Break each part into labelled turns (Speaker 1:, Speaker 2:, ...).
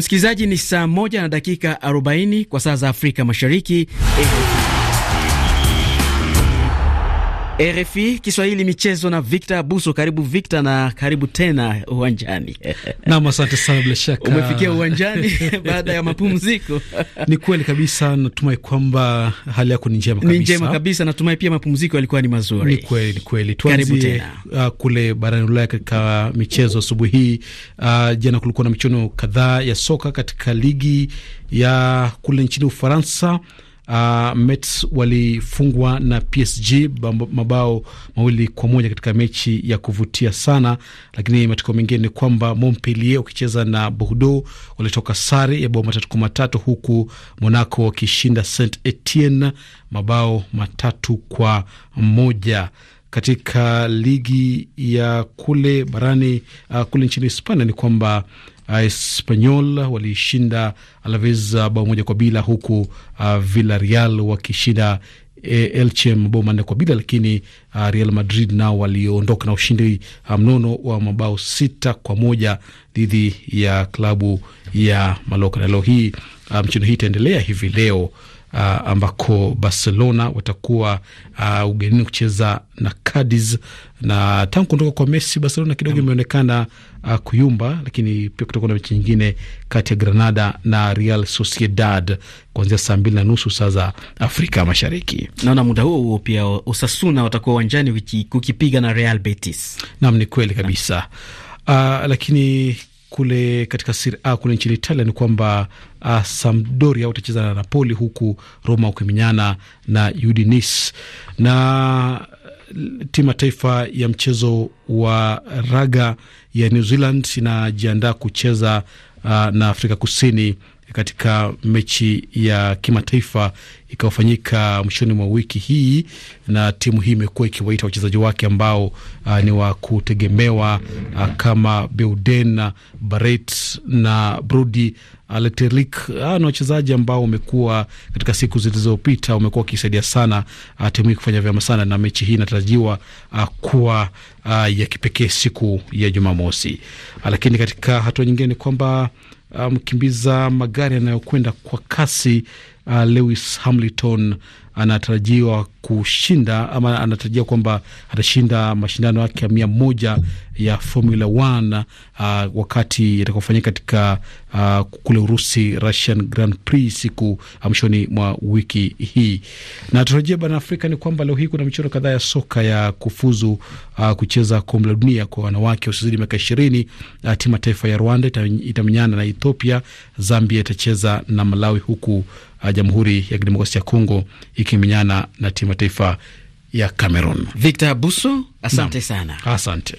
Speaker 1: Msikilizaji, ni saa moja na dakika 40 kwa saa za Afrika Mashariki. RFI Kiswahili michezo na Victor Abuso. Karibu Victor na karibu tena uwanjani.
Speaker 2: Naam, asante sana, bila shaka umefikia uwanjani baada ya mapumziko. Ni kweli kabisa, natumai kwamba hali yako ni njema kabisa. Ni njema kabisa, natumai pia mapumziko yalikuwa ni mazuri. Ni kweli, ni kweli. tuanzie uh, kule barani Ulaya katika michezo asubuhi hii. Uh, jana kulikuwa na michuano kadhaa ya soka katika ligi ya kule nchini Ufaransa. Uh, Mets walifungwa na PSG mabao mawili kwa moja katika mechi ya kuvutia sana, lakini matokeo mengine ni kwamba Montpellier wakicheza na Bordeaux walitoka sare ya bao matatu kwa matatu, huku Monaco wakishinda Saint Etienne mabao matatu kwa moja. Katika ligi ya kule barani uh, kule nchini Hispania ni kwamba Espanyol walishinda Alaves bao moja kwa bila, huku uh, Villarreal wakishinda eh, Elche mabao manne kwa bila, lakini uh, Real Madrid nao waliondoka na ushindi uh, mnono um, wa mabao sita kwa moja dhidi ya klabu ya Maloka na leo hii uh, mchezo hii itaendelea hivi leo uh, ambako Barcelona watakuwa uh, ugenini kucheza na Cadiz, na tangu kuondoka kwa Messi Barcelona kidogo mm. imeonekana uh, kuyumba, lakini pia kutakuwa na mechi nyingine kati ya Granada na Real Sociedad kuanzia saa mbili na nusu saa za Afrika
Speaker 1: Mashariki. Naona muda huo huo pia Osasuna watakuwa uwanjani kukipiga na Real Betis.
Speaker 2: Naam, ni kweli kabisa. Uh, lakini kule katika Serie A kule nchini Italia ni kwamba uh, Sampdoria utacheza na Napoli huku Roma ukiminyana na Udinese. Na timu ya taifa ya mchezo wa raga ya New Zealand inajiandaa kucheza uh, na Afrika Kusini katika mechi ya kimataifa ikayofanyika mwishoni mwa wiki hii, na timu hii imekuwa ikiwaita wachezaji wake ambao uh, ni wa kutegemewa uh, kama Beuden Baret na Brudi uh, ah, ni wachezaji ambao wamekuwa katika siku zilizopita wamekuwa wakisaidia sana timu hii kufanya vyema sana, na mechi hii inatarajiwa kuwa ya kipekee siku ya Jumamosi. Lakini katika hatua nyingine ni kwamba mkimbiza um, magari yanayokwenda kwa kasi uh, Lewis Hamilton anatarajiwa kushinda ama anatarajia kwamba atashinda mashindano yake ya mia moja ya Formula One uh, wakati yatakofanyika katika uh, kule Urusi, Russian Grand Prix siku uh, mwishoni mwa wiki hii. Na tarajia barani Afrika ni kwamba leo hii kuna michoro kadhaa ya soka ya kufuzu uh, kucheza kombe la dunia kwa wanawake wasiozidi miaka ishirini. Uh, timu ya taifa ya Rwanda itamenyana na Ethiopia, Zambia itacheza na Malawi huku Jamhuri ya Kidemokrasia ya Kongo ikimenyana na timu ya taifa ya Cameroon. Victor Buso, asante Nam. sana asante.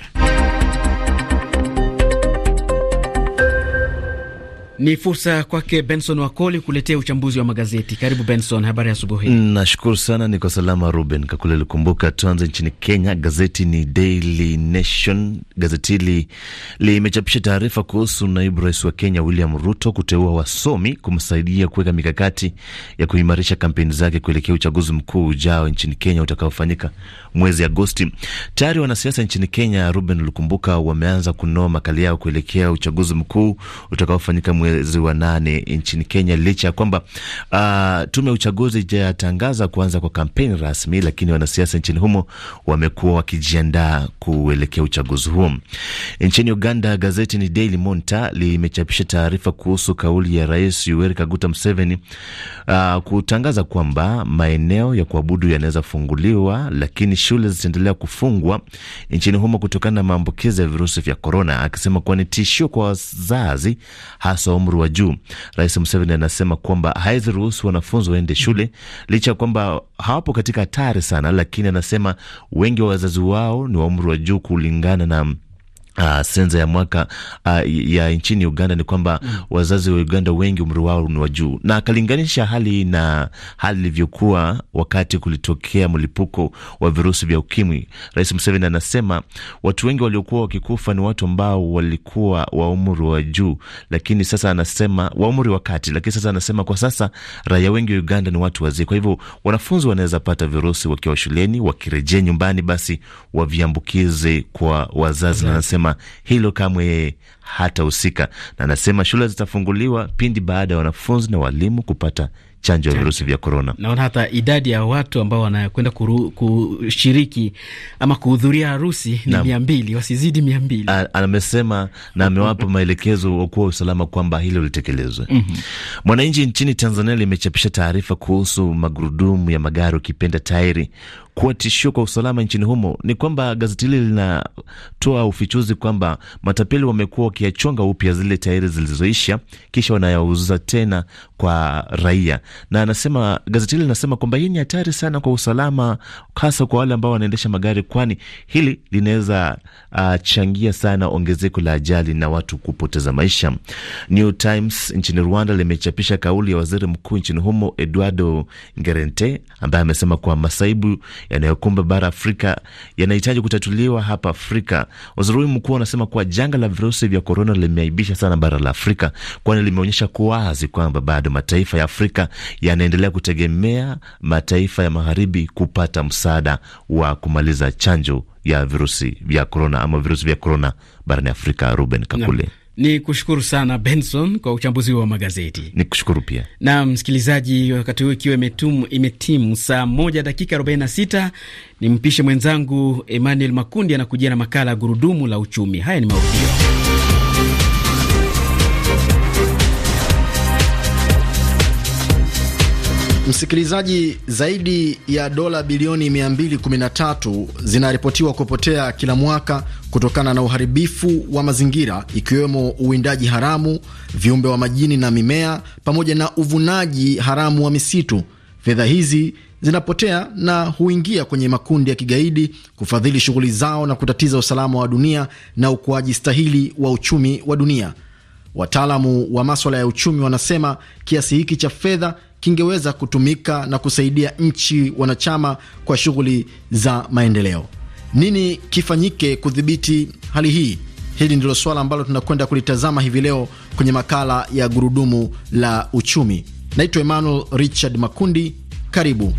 Speaker 1: Ni fursa kwake Benson Wakoli kuletea uchambuzi wa magazeti. Karibu Benson, habari ya asubuhi.
Speaker 3: Nashukuru sana, niko salama Ruben Kakule likumbuka. Tuanze nchini Kenya, gazeti ni Daily Nation. Gazeti hili limechapisha taarifa kuhusu naibu rais wa Kenya William Ruto kuteua wasomi kumsaidia kuweka mikakati ya kuimarisha kampeni zake kuelekea uchaguzi mkuu ujao nchini Kenya utakaofanyika mwezi Agosti. Tayari wanasiasa nchini Kenya, Ruben likumbuka, wameanza kunoa makali yao kuelekea uchaguzi mkuu utakaofanyika mwezi mwezi wa nane nchini Kenya, licha ya kwamba uh, tume ya uchaguzi ijatangaza kuanza kwa kampeni rasmi, lakini wanasiasa nchini humo wamekuwa wakijiandaa kuelekea uchaguzi huo. Nchini Uganda, gazeti ni Daily Monitor limechapisha taarifa kuhusu kauli ya Rais Yoweri Kaguta Museveni uh, kutangaza kwamba maeneo ya kuabudu yanaweza funguliwa, lakini shule zitaendelea kufungwa nchini humo kutokana na maambukizi ya virusi vya korona, akisema kuwa ni tishio kwa wazazi hasa umri wa juu. Rais Museveni anasema kwamba ruhusu wanafunzi waende shule licha ya kwamba hawapo katika hatari sana, lakini anasema wengi wa wazazi wao ni wa umri wa juu kulingana na Uh, sensa ya mwaka uh, ya nchini Uganda ni kwamba mm, wazazi wa Uganda wengi umri wao ni wa juu, na akalinganisha hali na hali ilivyokuwa wakati kulitokea mlipuko wa virusi vya ukimwi. Rais Museveni anasema watu wengi waliokuwa wakikufa ni watu ambao walikuwa wa umri wa juu, lakini sasa anasema wa umri wa kati, lakini sasa anasema kwa sasa raia wengi wa Uganda ni watu wazee. Kwa hivyo wanafunzi wanaweza pata virusi wakiwa shuleni, wakirejea nyumbani, basi waviambukize kwa wazazi, na anasema anasema hilo kamwe yeye hatahusika, na anasema shule zitafunguliwa pindi baada ya wanafunzi na walimu kupata chanjo ya virusi vya korona.
Speaker 1: Naona hata idadi ya watu ambao wanakwenda kushiriki ama kuhudhuria harusi ni mia mbili,
Speaker 3: wasizidi mia mbili, amesema na amewapa maelekezo wakuwa usalama kwamba hilo litekelezwe. mm -hmm. Mwananchi nchini Tanzania limechapisha taarifa kuhusu magurudumu ya magari, ukipenda tairi, kuwa tishio kwa usalama nchini humo. Ni kwamba gazeti hili linatoa ufichuzi kwamba matapeli wamekuwa wakiachonga upya zile tairi zilizoisha, kisha wanayauza tena kwa raia na anasema gazeti hili linasema kwamba hii ni hatari sana kwa usalama, hasa kwa wale ambao wanaendesha magari, kwani hili linaweza uh, changia sana ongezeko la ajali na watu kupoteza maisha. New Times nchini Rwanda limechapisha kauli ya waziri mkuu nchini humo Eduardo Ngerente ambaye amesema kuwa masaibu yanayokumba bara Afrika yanahitaji kutatuliwa hapa Afrika. Waziri huyu mkuu anasema kuwa janga la virusi vya korona limeaibisha sana bara la Afrika, kwani limeonyesha kuwazi kwamba bado mataifa ya Afrika yanaendelea kutegemea mataifa ya magharibi kupata msaada wa kumaliza chanjo ya virusi vya korona ama virusi vya korona barani Afrika. Ruben Kakule na.
Speaker 1: Ni kushukuru sana Benson kwa uchambuzi wa magazeti.
Speaker 3: Ni kushukuru pia
Speaker 1: na msikilizaji, wakati huu ikiwa imetimu saa moja dakika 46, ni mpishe mwenzangu Emmanuel Makundi anakujia na makala ya gurudumu la uchumi. Haya ni maudio.
Speaker 4: Msikilizaji, zaidi ya dola bilioni 213 zinaripotiwa kupotea kila mwaka kutokana na uharibifu wa mazingira, ikiwemo uwindaji haramu, viumbe wa majini na mimea, pamoja na uvunaji haramu wa misitu. Fedha hizi zinapotea na huingia kwenye makundi ya kigaidi kufadhili shughuli zao na kutatiza usalama wa dunia na ukuaji stahili wa uchumi wa dunia. Wataalamu wa maswala ya uchumi wanasema kiasi hiki cha fedha kingeweza kutumika na kusaidia nchi wanachama kwa shughuli za maendeleo. Nini kifanyike kudhibiti hali hii? Hili ndilo swala ambalo tunakwenda kulitazama hivi leo kwenye makala ya Gurudumu la Uchumi. Naitwa Emmanuel Richard Makundi. Karibu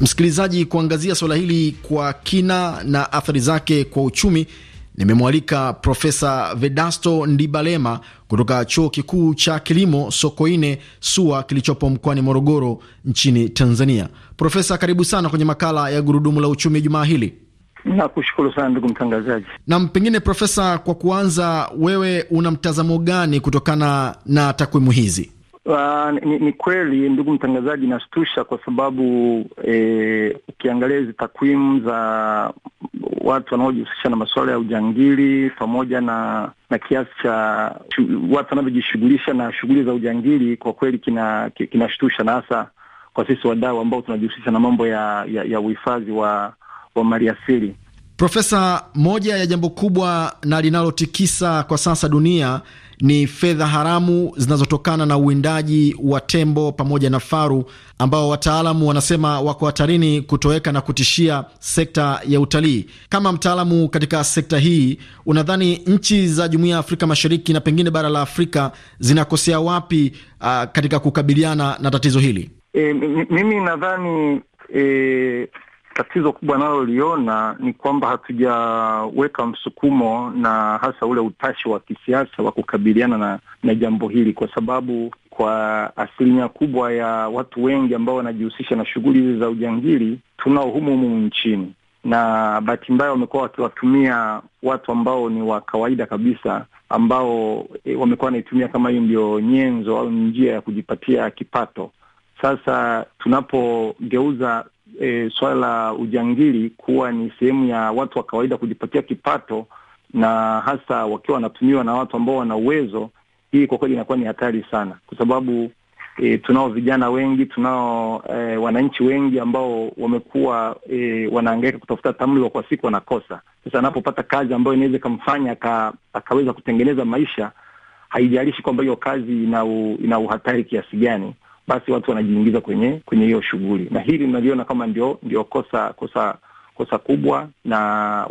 Speaker 4: msikilizaji, kuangazia swala hili kwa kina na athari zake kwa uchumi Nimemwalika Profesa Vedasto Ndibalema kutoka chuo kikuu cha kilimo Sokoine SUA kilichopo mkoani Morogoro nchini Tanzania. Profesa, karibu sana kwenye makala ya Gurudumu la Uchumi jumaa hili.
Speaker 5: Nakushukuru sana ndugu mtangazaji.
Speaker 4: Nam, pengine Profesa, kwa kuanza, wewe una mtazamo gani kutokana na takwimu hizi?
Speaker 5: Uh, ni, ni kweli ndugu mtangazaji, nashtusha kwa sababu eh, ukiangalia hizi takwimu za watu wanaojihusisha na masuala ya ujangili pamoja na na kiasi cha watu wanavyojishughulisha na shughuli za ujangili, kwa kweli kinashtusha kina na hasa kwa sisi wadau ambao tunajihusisha na mambo ya, ya, ya uhifadhi wa, wa maliasili.
Speaker 4: Profesa, moja ya jambo kubwa na linalotikisa kwa sasa dunia ni fedha haramu zinazotokana na uwindaji wa tembo pamoja na faru ambao wataalamu wanasema wako hatarini kutoweka na kutishia sekta ya utalii. Kama mtaalamu katika sekta hii, unadhani nchi za Jumuiya ya Afrika Mashariki na pengine bara la Afrika zinakosea wapi uh, katika kukabiliana na tatizo hili?
Speaker 5: E, mimi nadhani e, tatizo kubwa naloliona ni kwamba hatujaweka msukumo na hasa ule utashi wa kisiasa wa kukabiliana na, na jambo hili, kwa sababu kwa asilimia kubwa ya watu wengi ambao wanajihusisha na shughuli hizi za ujangili tunao humu humu nchini, na bahati mbaya wamekuwa wakiwatumia watu ambao ni wa kawaida kabisa, ambao e, wamekuwa wanaitumia kama hiyo ndio nyenzo au njia ya kujipatia kipato. Sasa tunapogeuza e, suala la ujangili kuwa ni sehemu ya watu wa kawaida kujipatia kipato, na hasa wakiwa wanatumiwa na watu ambao wana uwezo, hii kwa kweli inakuwa ni hatari sana, kwa sababu e, tunao vijana wengi, tunao e, wananchi wengi ambao wamekuwa e, wanaangaika kutafuta tamlo kwa siku, wanakosa. Sasa anapopata kazi ambayo inaweza ikamfanya akaweza kutengeneza maisha, haijalishi kwamba hiyo kazi ina, u, ina uhatari kiasi gani basi watu wanajiingiza kwenye kwenye hiyo shughuli, na hili naliona kama ndio ndio kosa kosa kosa kubwa, na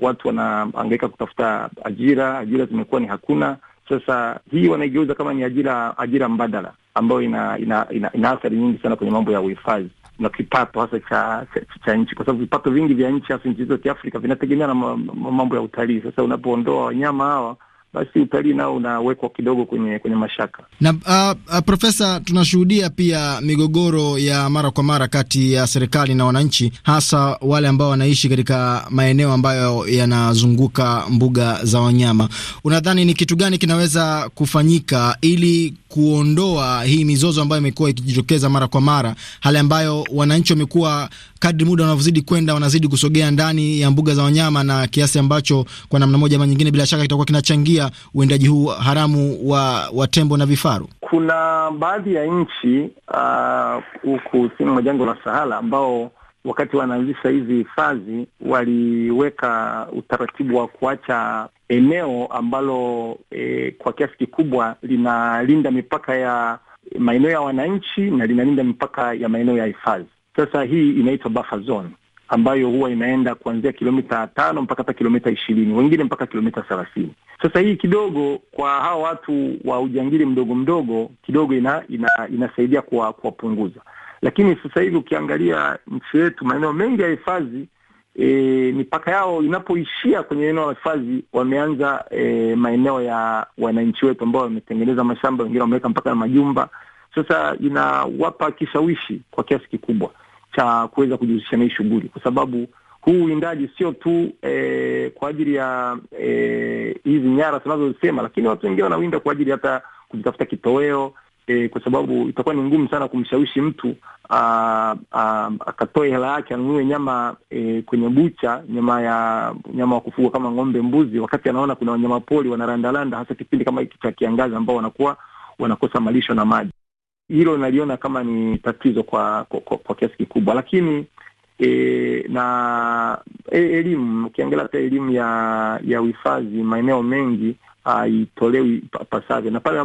Speaker 5: watu wanaangaika kutafuta ajira, ajira zimekuwa ni hakuna. Sasa hii wanaigeuza kama ni ajira ajira mbadala ambayo ina ina, ina, ina athari nyingi sana kwenye mambo ya uhifadhi na kipato hasa cha, cha, cha nchi, kwa sababu vipato vingi vya nchi hasa nchi hizo Kiafrika vinategemea na mambo ya utalii. Sasa unapoondoa wanyama hawa basi utalii nao unawekwa kidogo kwenye kwenye mashaka.
Speaker 4: Na uh, uh, Profesa, tunashuhudia pia migogoro ya mara kwa mara kati ya serikali na wananchi, hasa wale ambao wanaishi katika maeneo ambayo yanazunguka mbuga za wanyama. Unadhani ni kitu gani kinaweza kufanyika ili kuondoa hii mizozo ambayo imekuwa ikijitokeza mara kwa mara, hali ambayo wananchi wamekuwa, kadri muda wanavyozidi kwenda, wanazidi kusogea ndani ya mbuga za wanyama, na kiasi ambacho kwa namna moja ama nyingine, bila shaka kitakuwa kinachangia kuzuia uendaji huu haramu wa, wa tembo na vifaru?
Speaker 5: Kuna baadhi ya nchi uh, huku uh, kusini mwa jangwa la Sahara ambao wakati wanaanzisha hizi hifadhi waliweka utaratibu wa kuacha eneo ambalo e, kwa kiasi kikubwa linalinda mipaka ya maeneo ya wananchi na linalinda mipaka ya maeneo ya hifadhi. Sasa hii inaitwa buffer zone ambayo huwa inaenda kuanzia kilomita tano mpaka hata kilomita ishirini wengine mpaka kilomita thelathini. Sasa hii kidogo kwa hawa watu wa ujangili mdogo mdogo kidogo ina, ina, inasaidia kuwapunguza, lakini sasa hivi ukiangalia nchi yetu maeneo mengi ya hifadhi e, mipaka yao inapoishia kwenye eneo la hifadhi wameanza e, maeneo ya wananchi wetu ambao wametengeneza mashamba, wengine wameweka mpaka na majumba. Sasa inawapa kishawishi kwa kiasi kikubwa cha kuweza kujihusisha na hii shughuli, kwa sababu huu uwindaji sio tu e, kwa ajili ya e, hizi nyara tunazozisema, lakini watu wengine wanawinda kwa ajili hata kujitafuta kitoweo e, kwa sababu itakuwa ni ngumu sana kumshawishi mtu akatoe hela yake anunue nyama e, kwenye bucha, nyama ya nyama wa kufugwa kama ng'ombe, mbuzi, wakati anaona kuna wanyamapori wanarandaranda, hasa kipindi kama hiki cha kiangazi ambao wanakuwa wanakosa malisho na maji hilo naliona kama ni tatizo kwa kwa, kwa, kwa kiasi kikubwa, lakini e, na e, elimu ukiangalia hata elimu ya ya uhifadhi maeneo mengi haitolewi pasavyo, na pale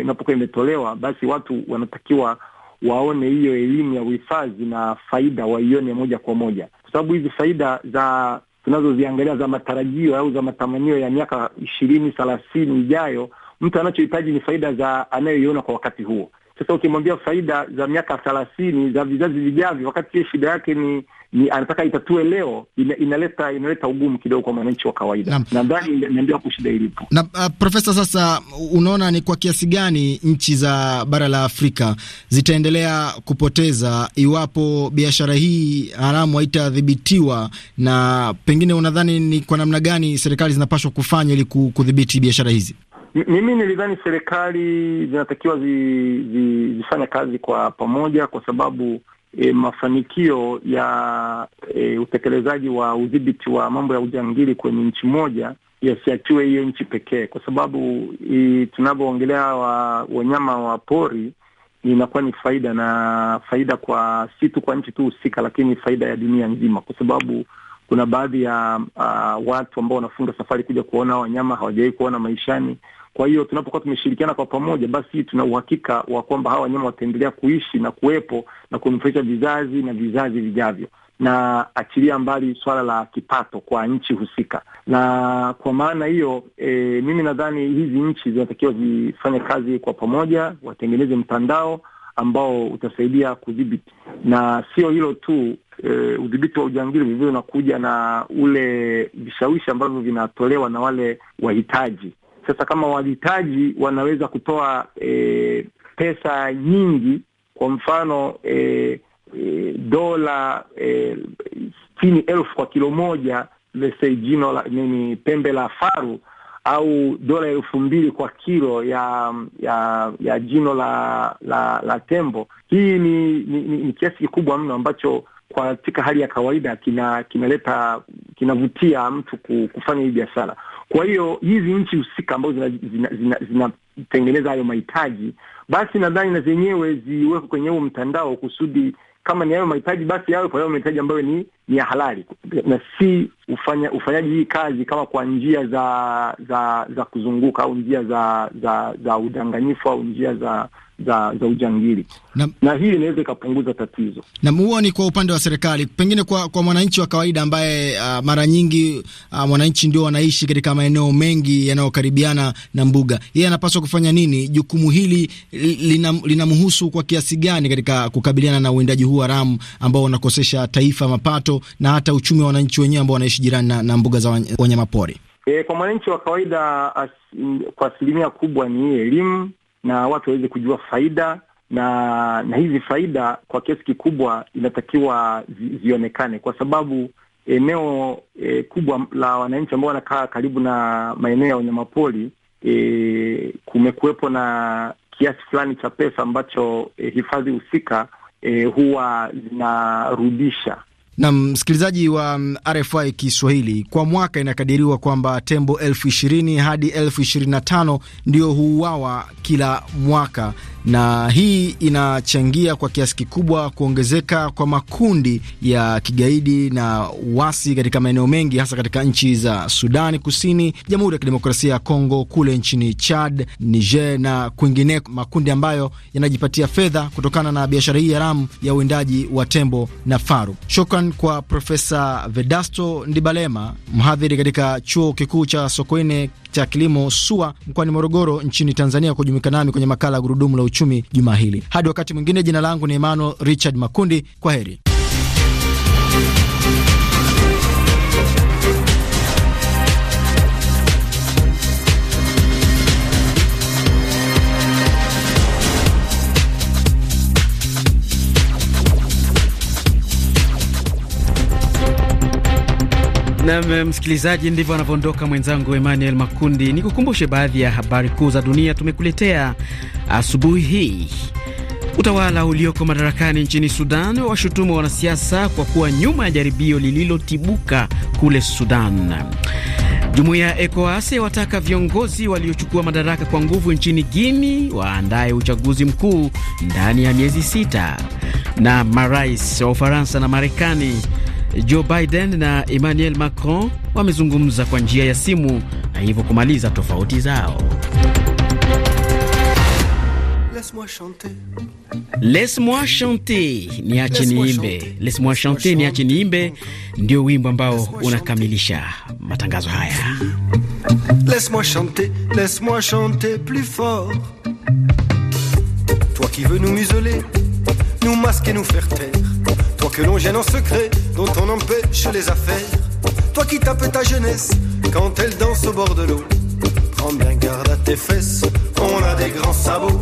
Speaker 5: inapokuwa imetolewa basi watu wanatakiwa waone hiyo elimu ya uhifadhi na faida waione moja kwa moja, kwa sababu hizi faida za tunazoziangalia za matarajio au za matamanio ya miaka ishirini thelathini ijayo, mtu anachohitaji ni faida za anayoiona kwa wakati huo. Sasa ukimwambia faida za miaka thelathini za vizazi vijavyo, wakati hiyo shida yake ni ni anataka itatue leo, ina, inaleta inaleta ugumu kidogo kwa mwananchi wa kawaida. Nadhani niambia hapo shida ilipo.
Speaker 4: Na uh, Profesa, sasa unaona ni kwa kiasi gani nchi za bara la Afrika zitaendelea kupoteza iwapo biashara hii haramu haitadhibitiwa, na pengine unadhani ni kwa namna gani serikali zinapaswa kufanya ili kudhibiti biashara hizi?
Speaker 5: Mimi nilidhani serikali zinatakiwa zi, zi, zifanya kazi kwa pamoja kwa sababu e, mafanikio ya e, utekelezaji wa udhibiti wa mambo ya ujangili kwenye nchi moja yasiachiwe hiyo nchi pekee, kwa sababu tunavyoongelea wa, wanyama wa pori inakuwa ni faida na faida kwa si tu kwa nchi tu husika, lakini faida ya dunia nzima, kwa sababu kuna baadhi ya uh, watu ambao wanafunga safari kuja kuona wanyama hawajawai kuona maishani. Kwa hiyo tunapokuwa tumeshirikiana kwa pamoja, basi tuna uhakika wa kwamba hawa wanyama wataendelea kuishi na kuwepo na kunufaisha vizazi na vizazi vijavyo, na achilia mbali swala la kipato kwa nchi husika. Na kwa maana hiyo e, mimi nadhani hizi nchi zinatakiwa zifanye kazi kwa pamoja, watengeneze mtandao ambao utasaidia kudhibiti, na sio hilo tu. E, udhibiti wa ujangili vilevile unakuja na ule vishawishi ambavyo vinatolewa na wale wahitaji sasa kama wahitaji wanaweza kutoa e, pesa nyingi, kwa mfano e, e, dola sitini e, elfu kwa kilo moja lese jino la nini, pembe la faru au dola elfu mbili kwa kilo ya ya ya jino la la, la tembo. Hii ni, ni, ni, ni kiasi kikubwa mno ambacho katika hali ya kawaida kinaleta kina kinavutia mtu kufanya hii biashara. Kwa hiyo hizi nchi husika ambazo zinatengeneza hayo mahitaji, basi nadhani na zenyewe ziwekwe kwenye huo mtandao kusudi kama ni hayo mahitaji basi yawe kwa hayo mahitaji ambayo ni ni ya halali na si ufanya, ufanyaji hii kazi kama kwa njia za za za kuzunguka au njia za za za udanganyifu au njia za za, za ujangili na, na hii inaweza ikapunguza tatizo.
Speaker 4: Na huo ni kwa upande wa serikali, pengine kwa, kwa mwananchi wa kawaida ambaye uh, mara nyingi uh, mwananchi ndio wanaishi katika maeneo mengi yanayokaribiana na mbuga, yeye anapaswa kufanya nini? Jukumu hili linamhusu lina kwa kiasi gani katika kukabiliana na uwindaji huu haramu ambao unakosesha taifa mapato na hata uchumi wa wananchi wenyewe ambao wanaishi jirani na, na mbuga za wanyamapori?
Speaker 5: E, kwa mwananchi wa kawaida as, kwa asilimia kubwa ni elimu na watu waweze kujua faida na na hizi faida kwa kiasi kikubwa inatakiwa zionekane kwa sababu eneo e, kubwa la wananchi ambao wanakaa karibu na maeneo ya wanyamapori e, kumekuwepo na kiasi fulani cha pesa ambacho e, hifadhi husika e, huwa zinarudisha
Speaker 4: na msikilizaji wa mm, RFI Kiswahili, kwa mwaka inakadiriwa kwamba tembo elfu ishirini hadi elfu ishirini na tano ndio huuawa kila mwaka, na hii inachangia kwa kiasi kikubwa kuongezeka kwa makundi ya kigaidi na wasi katika maeneo mengi, hasa katika nchi za Sudani Kusini, Jamhuri ya Kidemokrasia ya Kongo, kule nchini Chad, Niger na kwingineko, makundi ambayo yanajipatia fedha kutokana na biashara hii haramu ya uwindaji wa tembo na faru. Shukran Shukran kwa Profesa Vedasto Ndibalema, mhadhiri katika chuo kikuu cha Sokoine cha kilimo SUA mkoani Morogoro nchini Tanzania, kujumuika nami kwenye makala ya Gurudumu la Uchumi juma hili. Hadi wakati mwingine, jina langu ni Emmanuel Richard Makundi. Kwa heri.
Speaker 1: Nam msikilizaji, ndivyo anavyoondoka mwenzangu Emmanuel Makundi. ni kukumbushe baadhi ya habari kuu za dunia tumekuletea asubuhi hii. Utawala ulioko madarakani nchini Sudan washutumu wanasiasa kwa kuwa nyuma ya jaribio lililotibuka kule Sudan. Jumuiya ya ECOWAS wataka viongozi waliochukua madaraka kwa nguvu nchini Guini waandaye uchaguzi mkuu ndani ya miezi sita. Na marais wa Ufaransa na Marekani Joe Biden na Emmanuel Macron wamezungumza kwa njia ya simu na hivyo kumaliza tofauti zao. Laisse-moi
Speaker 6: chanter, niache niimbe.
Speaker 1: Laisse-moi chanter, niache niimbe, ndio wimbo ambao unakamilisha
Speaker 6: matangazo haya. Laisse-moi chanter, laisse-moi chanter plus fort. Toi qui veux nous nous masquer, nous faire taire. Toi que l'on gêne en secret, dont on empêche les affaires. Toi qui tapes ta jeunesse quand elle danse au bord de l'eau. Prends bien garde à tes fesses, on a des grands sabots.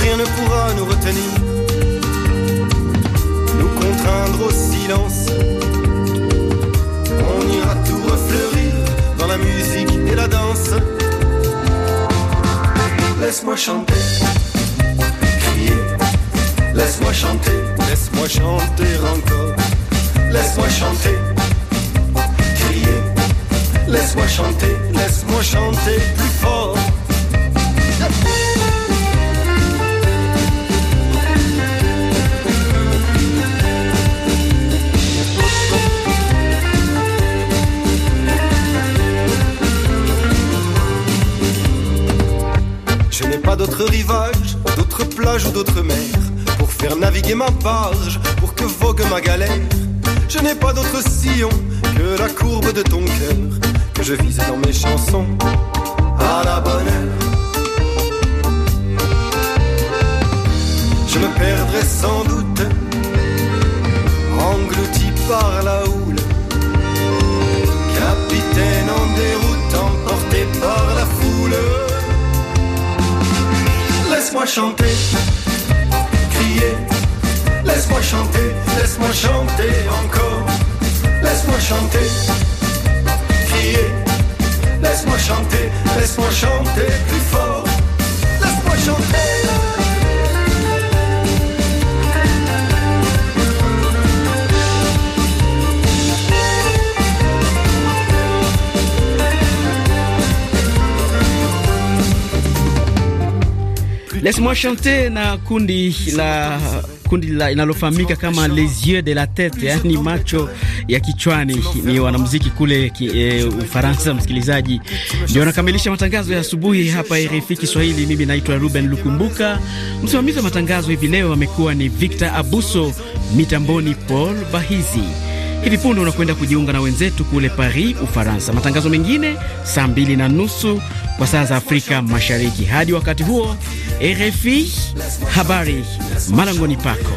Speaker 6: Rien ne pourra nous retenir, nous contraindre au silence. On ira tout refleurir dans la musique et la danse. Laisse-moi chanter. Laisse-moi chanter, laisse-moi chanter encore. Laisse-moi chanter, crier. Laisse-moi chanter, laisse-moi chanter plus fort. Je n'ai pas d'autre rivage, d'autres plages ou d'autres mers faire naviguer ma page, pour que vogue ma galère. Je n'ai pas d'autre sillon que la courbe de ton cœur que je vise dans mes chansons à la bonne heure. Je me perdrai sans doute, englouti par la houle. Capitaine en déroute, emporté par la foule. Laisse-moi chanter Laisse-moi chanter, laisse-moi chanter encore. Laisse-moi chanter, est? Laisse-moi chanter, laisse-moi chanter plus fort. Laisse-moi chanter.
Speaker 1: Laisse-moi chanter na kundi la kundi linalofahamika kama Les Yeux de la Tete, yani macho ya kichwani. Ni wanamuziki kule ki, e, Ufaransa. Msikilizaji, ndio anakamilisha matangazo ya asubuhi hapa RFI Kiswahili. Mimi naitwa Ruben Lukumbuka, msimamizi wa matangazo hivi leo amekuwa ni Victor Abuso, mitamboni Paul Bahizi. Hivi punde unakwenda kujiunga na wenzetu kule Paris, Ufaransa. Matangazo mengine saa mbili na nusu kwa saa za Afrika Mashariki. Hadi wakati huo, RFI habari malangoni pako.